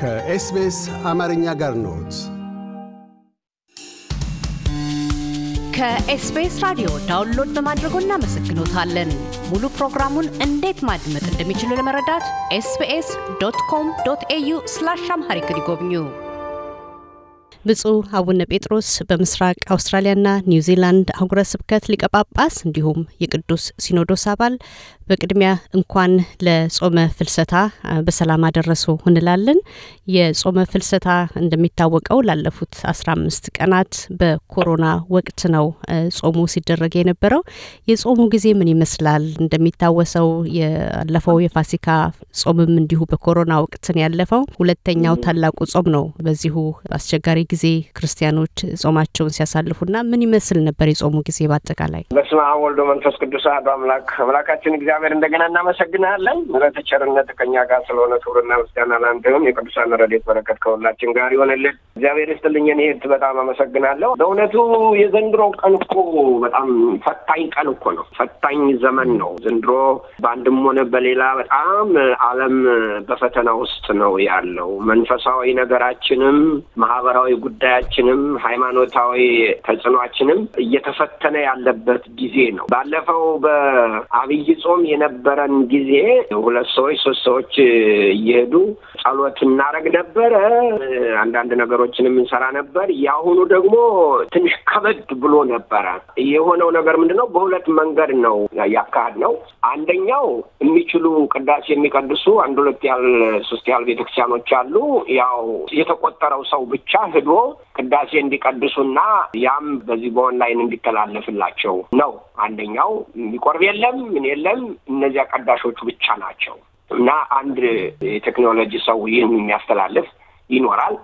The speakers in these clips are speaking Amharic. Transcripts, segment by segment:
ከኤስቤስ አማርኛ ጋር ነት ከኤስቤስ ራዲዮ ዳውንሎድ በማድረጎ እናመሰግኖታለን። ሙሉ ፕሮግራሙን እንዴት ማድመጥ እንደሚችሉ ለመረዳት ኤስቤስ ዶት ኮም ዶት ኤዩ ስላሽ አምሃሪክ ይጎብኙ። ብፁዕ አቡነ ጴጥሮስ በምስራቅ አውስትራሊያና ኒውዚላንድ አህጉረ ስብከት ሊቀ ጳጳስ እንዲሁም የቅዱስ ሲኖዶስ አባል፣ በቅድሚያ እንኳን ለጾመ ፍልሰታ በሰላም አደረሱ እንላለን። የጾመ ፍልሰታ እንደሚታወቀው ላለፉት አስራ አምስት ቀናት በኮሮና ወቅት ነው ጾሙ ሲደረግ የነበረው። የጾሙ ጊዜ ምን ይመስላል? እንደሚታወሰው ያለፈው የፋሲካ ጾምም እንዲሁ በኮሮና ወቅትን ያለፈው ሁለተኛው ታላቁ ጾም ነው። በዚሁ አስቸጋሪ ጊዜ ጊዜ ክርስቲያኖች ጾማቸውን ሲያሳልፉና ምን ይመስል ነበር የጾሙ ጊዜ በአጠቃላይ? በስመ አብ ወልዶ መንፈስ ቅዱስ አሐዱ አምላክ አምላካችን እግዚአብሔር እንደገና እናመሰግናለን። ምሕረት ቸርነት ከኛ ጋር ስለሆነ ክብርና ምስጋና ለአንተ የቅዱሳን ረድኤት በረከት ከሁላችን ጋር ይሆንልን። እግዚአብሔር ይስጥልኝ። እህት በጣም አመሰግናለሁ። በእውነቱ የዘንድሮ ቀን እኮ በጣም ፈታኝ ቀን እኮ ነው። ፈታኝ ዘመን ነው ዘንድሮ። በአንድም ሆነ በሌላ በጣም ዓለም በፈተና ውስጥ ነው ያለው። መንፈሳዊ ነገራችንም ማህበራዊ ጉዳያችንም ሃይማኖታዊ ተጽዕኖችንም እየተፈተነ ያለበት ጊዜ ነው። ባለፈው በአብይ ጾም የነበረን ጊዜ ሁለት ሰዎች ሶስት ሰዎች እየሄዱ ጸሎት እናደርግ ነበረ። አንዳንድ ነገሮችንም እንሰራ ነበር። የአሁኑ ደግሞ ትንሽ ከበድ ብሎ ነበረ። የሆነው ነገር ምንድን ነው? በሁለት መንገድ ነው ያካሄድ ነው። አንደኛው የሚችሉ ቅዳሴ የሚቀድሱ አንድ ሁለት ያህል ሶስት ያህል ቤተክርስቲያኖች አሉ። ያው የተቆጠረው ሰው ብቻ ሄዶ ቅዳሴ እንዲቀድሱና ያም በዚህ በኦንላይን እንዲተላለፍላቸው ነው። አንደኛው የሚቆርብ የለም ምን የለም እነዚያ ቀዳሾቹ ብቻ ናቸው እና አንድ የቴክኖሎጂ ሰው ይህን የሚያስተላልፍ ይኖራል።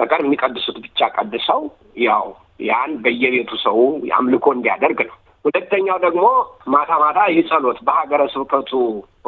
በቀር የሚቀድሱት ብቻ ቀድሰው ያው ያን በየቤቱ ሰው አምልኮ እንዲያደርግ ነው። ሁለተኛው ደግሞ ማታ ማታ ይህ ጸሎት በሀገረ ስብከቱ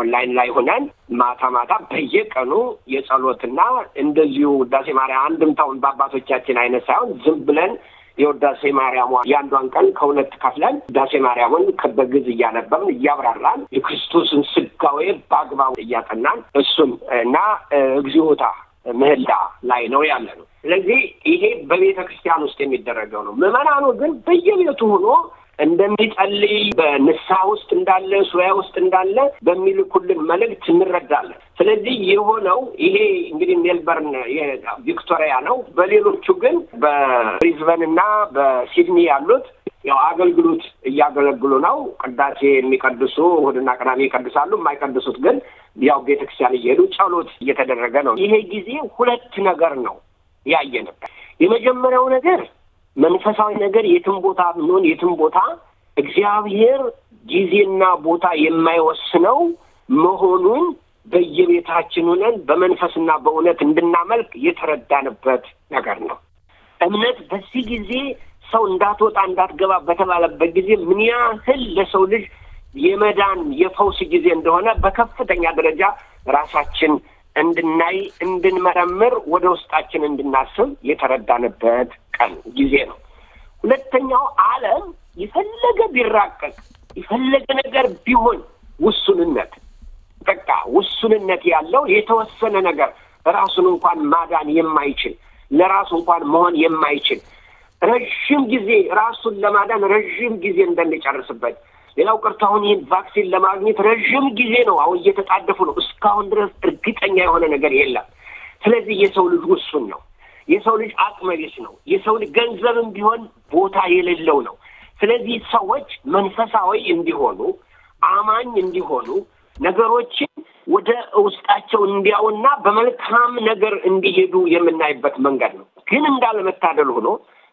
ኦንላይን ላይ ሆነን ማታ ማታ በየቀኑ የጸሎትና እንደዚሁ ውዳሴ ማርያም አንድምታውን በአባቶቻችን አይነት ሳይሆን ዝም ብለን የውዳሴ ማርያሟ ያንዷን ቀን ከሁለት ከፍለን ውዳሴ ማርያምን በግዕዝ እያነበብን እያብራራን የክርስቶስን ስጋዌ በአግባቡ እያጠናን እሱም እና እግዚኦታ ምህላ ላይ ነው ያለ ነው። ስለዚህ ይሄ በቤተ ክርስቲያን ውስጥ የሚደረገው ነው። ምዕመናኑ ግን በየቤቱ ሆኖ እንደሚጸልይ በንስሐ ውስጥ እንዳለ ሱያ ውስጥ እንዳለ በሚልኩልን መልእክት እንረዳለን። ስለዚህ የሆነው ይሄ እንግዲህ ሜልበርን ቪክቶሪያ ነው። በሌሎቹ ግን በብሪዝበን እና በሲድኒ ያሉት ያው አገልግሎት እያገለግሉ ነው። ቅዳሴ የሚቀድሱ እሁድና ቅዳሜ ይቀድሳሉ። የማይቀድሱት ግን ያው ቤተክርስቲያን እየሄዱ ጸሎት እየተደረገ ነው። ይሄ ጊዜ ሁለት ነገር ነው ያየንበት። የመጀመሪያው ነገር መንፈሳዊ ነገር የትም ቦታ ብንሆን የትም ቦታ እግዚአብሔር ጊዜና ቦታ የማይወስነው መሆኑን በየቤታችን ሆነን በመንፈስና በእውነት እንድናመልክ የተረዳንበት ነገር ነው። እምነት በዚህ ጊዜ ሰው እንዳትወጣ እንዳትገባ በተባለበት ጊዜ ምን ያህል ለሰው ልጅ የመዳን የፈውስ ጊዜ እንደሆነ በከፍተኛ ደረጃ ራሳችን እንድናይ፣ እንድንመረምር፣ ወደ ውስጣችን እንድናስብ የተረዳንበት ቀን ጊዜ ነው። ሁለተኛው ዓለም የፈለገ ቢራቀቅ የፈለገ ነገር ቢሆን ውሱንነት በቃ ውሱንነት ያለው የተወሰነ ነገር ራሱን እንኳን ማዳን የማይችል ለራሱ እንኳን መሆን የማይችል ረዥም ጊዜ ራሱን ለማዳን ረዥም ጊዜ እንደሚጨርስበት ሌላው ቀርቶ አሁን ይህን ቫክሲን ለማግኘት ረዥም ጊዜ ነው። አሁን እየተጣደፉ ነው። እስካሁን ድረስ እርግጠኛ የሆነ ነገር የለም። ስለዚህ የሰው ልጅ ውሱን ነው። የሰው ልጅ አቅመ ነው። የሰው ልጅ ገንዘብም ቢሆን ቦታ የሌለው ነው። ስለዚህ ሰዎች መንፈሳዊ እንዲሆኑ፣ አማኝ እንዲሆኑ፣ ነገሮችን ወደ ውስጣቸው እንዲያውና በመልካም ነገር እንዲሄዱ የምናይበት መንገድ ነው። ግን እንዳለመታደል ሆኖ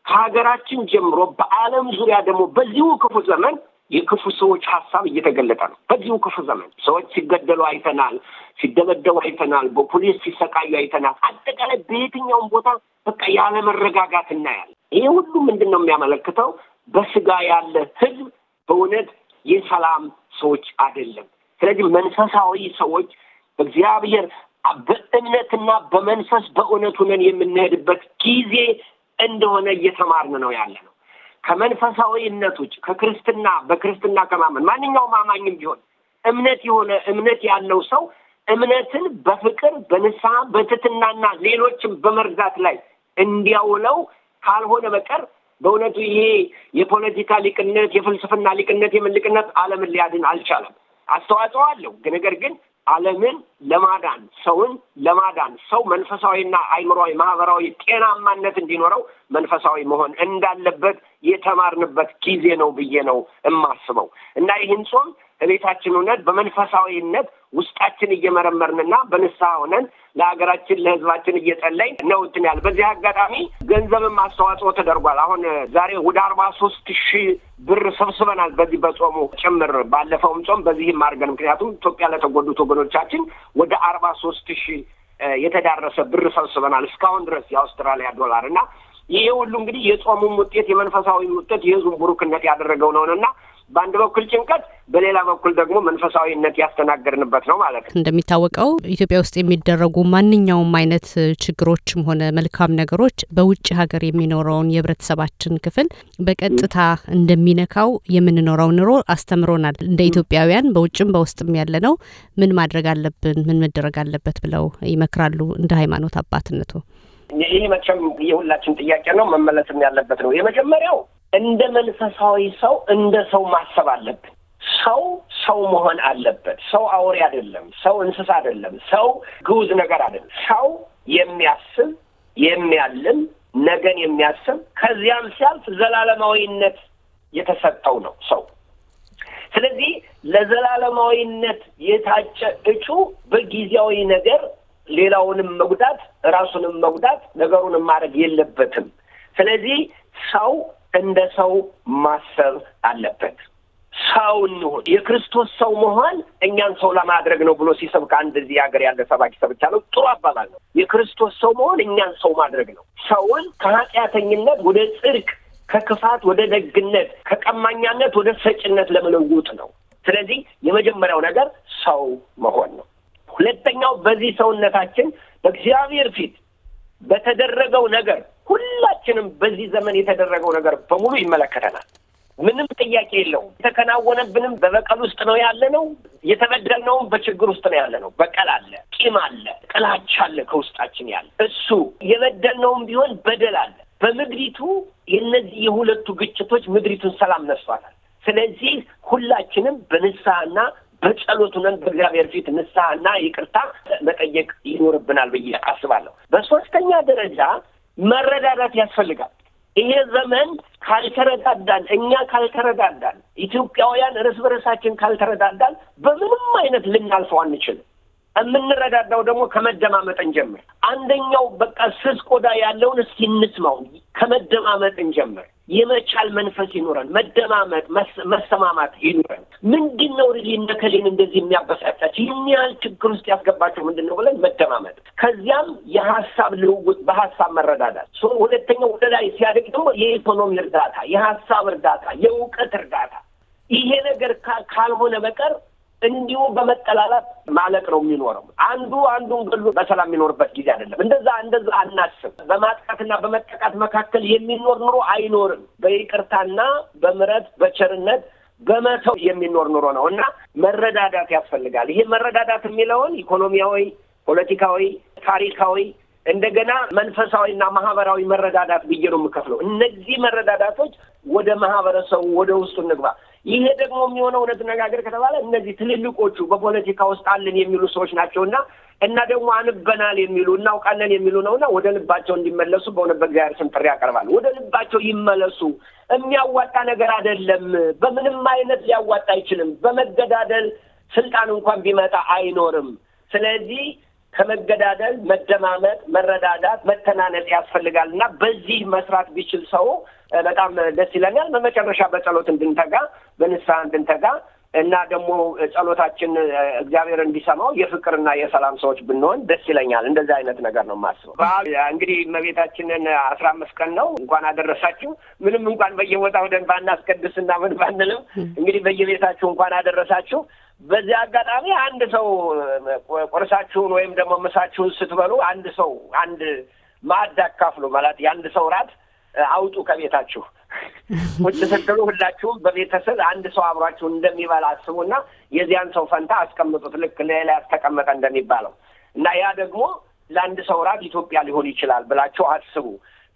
ከሀገራችን ጀምሮ በዓለም ዙሪያ ደግሞ በዚሁ ክፉ ዘመን የክፉ ሰዎች ሀሳብ እየተገለጠ ነው። በዚሁ ክፉ ዘመን ሰዎች ሲገደሉ አይተናል፣ ሲደበደቡ አይተናል፣ በፖሊስ ሲሰቃዩ አይተናል። አጠቃላይ በየትኛውም ቦታ በቃ ያለመረጋጋት እናያለን። ይህ ሁሉ ምንድን ነው የሚያመለክተው? በስጋ ያለ ህዝብ በእውነት የሰላም ሰዎች አይደለም። ስለዚህ መንፈሳዊ ሰዎች እግዚአብሔር በእምነትና በመንፈስ በእውነት ሆነን የምንሄድበት ጊዜ እንደሆነ እየተማርን ነው ያለ ነው። ከመንፈሳዊነቶች ከክርስትና በክርስትና ከማመን ማንኛውም አማኝም ቢሆን እምነት የሆነ እምነት ያለው ሰው እምነትን በፍቅር በንስሐ በትትናና ሌሎችም በመርዳት ላይ እንዲያውለው ካልሆነ በቀር በእውነቱ ይሄ የፖለቲካ ሊቅነት፣ የፍልስፍና ሊቅነት፣ የምልቅነት አለምን ሊያድን አልቻለም። አስተዋጽኦ አለው ነገር ግን ዓለምን ለማዳን ሰውን ለማዳን ሰው መንፈሳዊና አእምሯዊ፣ ማህበራዊ ጤናማነት እንዲኖረው መንፈሳዊ መሆን እንዳለበት የተማርንበት ጊዜ ነው ብዬ ነው የማስበው እና ይህን ጾም እቤታችን እውነት በመንፈሳዊነት ውስጣችን እየመረመርንና በንስሐ ሆነን ለሀገራችን ለህዝባችን እየጸለይ ነው እንትን ያለ። በዚህ አጋጣሚ ገንዘብም አስተዋጽኦ ተደርጓል። አሁን ዛሬ ወደ አርባ ሶስት ሺህ ብር ሰብስበናል። በዚህ በጾሙ ጭምር ባለፈውም ጾም በዚህም አድርገን ምክንያቱም ኢትዮጵያ ለተጎዱት ወገኖቻችን ወደ አርባ ሶስት ሺህ የተዳረሰ ብር ሰብስበናል እስካሁን ድረስ የአውስትራሊያ ዶላር እና ይሄ ሁሉ እንግዲህ የጾሙም ውጤት የመንፈሳዊ ውጤት የህዝቡን ቡሩክነት ያደረገው ነውና። በአንድ በኩል ጭንቀት፣ በሌላ በኩል ደግሞ መንፈሳዊነት ያስተናገድንበት ነው ማለት ነው። እንደሚታወቀው ኢትዮጵያ ውስጥ የሚደረጉ ማንኛውም አይነት ችግሮችም ሆነ መልካም ነገሮች በውጭ ሀገር የሚኖረውን የህብረተሰባችን ክፍል በቀጥታ እንደሚነካው የምንኖረው ኑሮ አስተምሮናል። እንደ ኢትዮጵያውያን በውጭም በውስጥም ያለ ነው ምን ማድረግ አለብን፣ ምን መደረግ አለበት ብለው ይመክራሉ እንደ ሃይማኖት አባትነቱ? ይህ መቼም የሁላችን ጥያቄ ነው፣ መመለስም ያለበት ነው። የመጀመሪያው እንደ መንፈሳዊ ሰው እንደ ሰው ማሰብ አለብን። ሰው ሰው መሆን አለበት። ሰው አውሬ አይደለም። ሰው እንስሳ አይደለም። ሰው ግዑዝ ነገር አይደለም። ሰው የሚያስብ የሚያልም ነገን የሚያስብ ከዚያም ሲያልፍ ዘላለማዊነት የተሰጠው ነው ሰው። ስለዚህ ለዘላለማዊነት የታጨ እጩ በጊዜያዊ ነገር ሌላውንም መጉዳት፣ ራሱንም መጉዳት፣ ነገሩንም ማድረግ የለበትም። ስለዚህ ሰው እንደ ሰው ማሰብ አለበት። ሰው እንሁን። የክርስቶስ ሰው መሆን እኛን ሰው ለማድረግ ነው ብሎ ሲሰብክ አንድ እዚህ ሀገር ያለ ሰባኪ ሰብቻለሁ። ጥሩ አባባል ነው። የክርስቶስ ሰው መሆን እኛን ሰው ማድረግ ነው። ሰውን ከኃጢአተኝነት ወደ ጽድቅ፣ ከክፋት ወደ ደግነት፣ ከቀማኛነት ወደ ሰጭነት ለመለወጥ ነው። ስለዚህ የመጀመሪያው ነገር ሰው መሆን ነው። ሁለተኛው በዚህ ሰውነታችን በእግዚአብሔር ፊት በተደረገው ነገር ሁላችንም በዚህ ዘመን የተደረገው ነገር በሙሉ ይመለከተናል። ምንም ጥያቄ የለውም። የተከናወነብንም በበቀል ውስጥ ነው ያለ ነው። የተበደልነውም በችግር ውስጥ ነው ያለ ነው። በቀል አለ፣ ቂም አለ፣ ጥላቻ አለ ከውስጣችን ያለ እሱ የበደልነውም ቢሆን በደል አለ። በምድሪቱ የእነዚህ የሁለቱ ግጭቶች ምድሪቱን ሰላም ነሷታል። ስለዚህ ሁላችንም በንስሐና በጸሎት ሆነን በእግዚአብሔር ፊት ንስሐና ይቅርታ መጠየቅ ይኖርብናል ብዬ አስባለሁ። በሶስተኛ ደረጃ መረዳዳት ያስፈልጋል። ይሄ ዘመን ካልተረዳዳን፣ እኛ ካልተረዳዳን፣ ኢትዮጵያውያን እርስ በርሳችን ካልተረዳዳን በምንም አይነት ልናልፈው አንችልም። የምንረዳዳው ደግሞ ከመደማመጠን ጀምር። አንደኛው በቃ ስስ ቆዳ ያለውን እስኪ እንስማው፣ ከመደማመጥ እንጀምር። የመቻል መንፈስ ይኖረን፣ መደማመጥ፣ መሰማማት ይኖረን። ምንድን ነው ልጅ እነ እንደዚህ የሚያበሳጫቸው ይህን ያህል ችግር ውስጥ ያስገባቸው ምንድን ነው ብለን መደማመጥ፣ ከዚያም የሀሳብ ልውውጥ፣ በሀሳብ መረዳዳት። ሶ ሁለተኛው ወደ ላይ ሲያደግ ደግሞ የኢኮኖሚ እርዳታ፣ የሀሳብ እርዳታ፣ የእውቀት እርዳታ። ይሄ ነገር ካልሆነ በቀር እንዲሁ በመጠላላት ማለቅ ነው የሚኖረው። አንዱ አንዱን ገሎ በሰላም የሚኖርበት ጊዜ አይደለም። እንደዛ እንደዛ አናስብ። በማጥቃትና በመጠቃት መካከል የሚኖር ኑሮ አይኖርም። በይቅርታና በምረት በቸርነት በመተው የሚኖር ኑሮ ነው እና መረዳዳት ያስፈልጋል። ይሄ መረዳዳት የሚለውን ኢኮኖሚያዊ፣ ፖለቲካዊ፣ ታሪካዊ እንደገና መንፈሳዊና ማህበራዊ መረዳዳት ብዬ ነው የምከፍለው። እነዚህ መረዳዳቶች ወደ ማህበረሰቡ ወደ ውስጡ እንግባ። ይሄ ደግሞ የሚሆነው እውነት ነጋገር ከተባለ እነዚህ ትልልቆቹ በፖለቲካ ውስጥ አለን የሚሉ ሰዎች ናቸው እና ደግሞ አንበናል የሚሉ እናውቃለን የሚሉ ነውና ወደ ልባቸው እንዲመለሱ በሆነ በእግዚአብሔር ስም ጥሪ ያቀርባል። ወደ ልባቸው ይመለሱ። የሚያዋጣ ነገር አይደለም። በምንም አይነት ሊያዋጣ አይችልም። በመገዳደል ስልጣን እንኳን ቢመጣ አይኖርም። ስለዚህ ከመገዳደል መደማመጥ፣ መረዳዳት፣ መተናነጽ ያስፈልጋል እና በዚህ መስራት ቢችል ሰው በጣም ደስ ይለኛል። በመጨረሻ በጸሎት እንድንተጋ፣ በንስሐ እንድንተጋ እና ደግሞ ጸሎታችን እግዚአብሔር እንዲሰማው የፍቅርና የሰላም ሰዎች ብንሆን ደስ ይለኛል። እንደዚህ አይነት ነገር ነው የማስበው። በዓል እንግዲህ እመቤታችንን አስራ አምስት ቀን ነው እንኳን አደረሳችሁ። ምንም እንኳን በየቦታው ደን ባናስቀድስና ምን ባንልም እንግዲህ በየቤታችሁ እንኳን አደረሳችሁ። በዚህ አጋጣሚ አንድ ሰው ቁርሳችሁን ወይም ደግሞ ምሳችሁን ስትበሉ አንድ ሰው አንድ ማዕድ አካፍሉ ማለት የአንድ ሰው ራት አውጡ ከቤታችሁ ውጭ ስትሉ ሁላችሁም በቤተሰብ አንድ ሰው አብሯችሁ እንደሚበላ አስቡና የዚያን ሰው ፈንታ አስቀምጡት፣ ልክ ሌላ ያስተቀመጠ እንደሚባለው እና ያ ደግሞ ለአንድ ሰው ራብ ኢትዮጵያ ሊሆን ይችላል ብላችሁ አስቡ።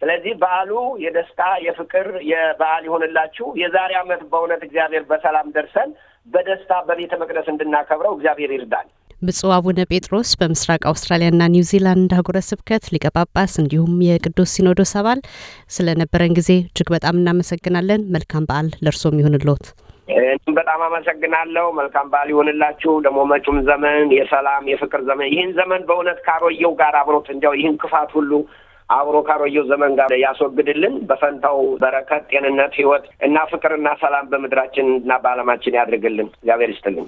ስለዚህ በዓሉ የደስታ የፍቅር የበዓል ይሆንላችሁ። የዛሬ ዓመት በእውነት እግዚአብሔር በሰላም ደርሰን በደስታ በቤተ መቅደስ እንድናከብረው እግዚአብሔር ይርዳል። ብፁዕ አቡነ ጴጥሮስ በምስራቅ አውስትራሊያና ኒውዚላንድ አህጉረ ስብከት ሊቀ ጳጳስ እንዲሁም የቅዱስ ሲኖዶስ አባል ስለነበረን ጊዜ እጅግ በጣም እናመሰግናለን። መልካም በዓል ለእርሶም ይሁንልዎት። እኔም በጣም አመሰግናለሁ። መልካም በዓል ይሆንላችሁ። ደግሞ መጪውም ዘመን የሰላም የፍቅር ዘመን ይህን ዘመን በእውነት ካሮየው ጋር አብሮት እንዲያው ይህን ክፋት ሁሉ አብሮ ካሮየው ዘመን ጋር ያስወግድልን። በፈንታው በረከት፣ ጤንነት፣ ህይወት እና ፍቅርና ሰላም በምድራችን እና በዓለማችን ያድርግልን። እግዚአብሔር ይስጥልን።